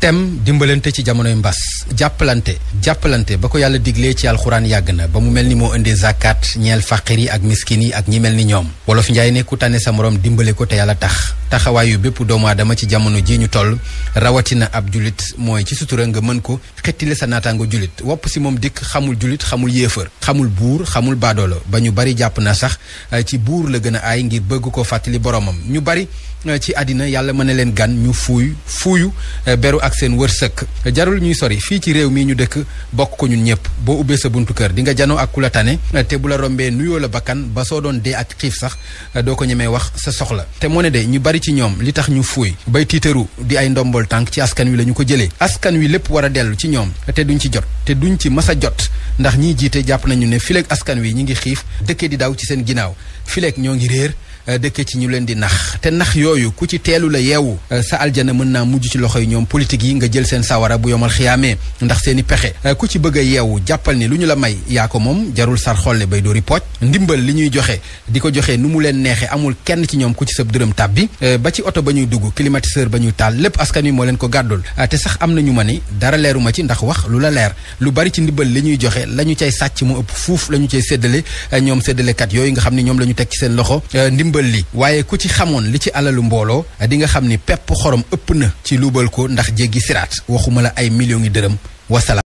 tem dimbalante ci jamonoy mbas jàppalante jàppalante ba ko yàlla diglee ci alxuraan yàgg na ba mu mel ni moo indee zakat ñeel fàqir yi ak miskin yi ak ñi mel ni ñoom wolof njaay ne ku tànne sa moroom dimbale ko te yàlla tax taxawaayu bépp doomu aadama ci jamono ji ñu toll rawatina ab julit mooy ci sutura nga mën ko xettile sa naataango julit wopp si moom dikk xamul julit xamul yéefar xamul buur xamul baadoolo ba ñu bari jàpp na sax eh, ci buur la gën a aay ngir bëgg ko fàttali boromam ñu bari eh, yàlla leen gan ñu fuuy eh, ak seen wërsëg jarul ñuy sori fii ci réew mii ñu dëkk bokk ko ñun ñëpp boo ubbee sa buntu kër di nga janoo ak ku la te bu la rombee nuyoo la bakkan ba soo doon dee ak xiif sax doo ko ñemee wax sa soxla te moo ne de ñu bari ci ñoom li tax ñu fuuy bay tiitaru di ay ndombol tànk ci askan wi la ñu ko jëlee askan wi lépp war a dellu ci ñoom te duñ ci jot te duñ ci mës a jot ndax ñii jiite jàpp nañu ne fileeg askan wi ñu ngi xiif dëkkee di daw ci seen ginnaaw fileeg ñoo ngi réer Euh, dëkk ci ñu leen di nax te nax yooyu ku ci teelu la yeewu euh, sa aljana mën naa mujj ci loxo yi ñoom politique yi nga jël seen sawara bu yomal xiyaamee ndax seen i pexe euh, ku ci bëgg a yeewu jàppal ni lu ñu la may yaa ko moom jarul sar xolle bay dóori pooj ndimbal li ñuy joxe di ko joxe nu mu leen neexe amul kenn ci ñoom ku ci sëb dërëm tàbbi ba ci oto ba ñuy dugg climatiseur ba ñuy taal lépp askan wi moo leen ko gàddul te sax am na ñu ma ni dara leeruma ci ndax wax lu la leer lu bari ci ndimbal li ñuy joxe la ñu cay sàcc mu ëpp fuuf la ñu cay séddale ñoom séddalekat yooyu nga xam ne ñoom la ñu teg ci seen loxo luubal li waaye ku ci xamoon li ci alalu mbooloo di xam ni pepp xorom ëpp na ci luubal ko ndax jéggi siraat waxuma la ay millions yi dërëm wasalaam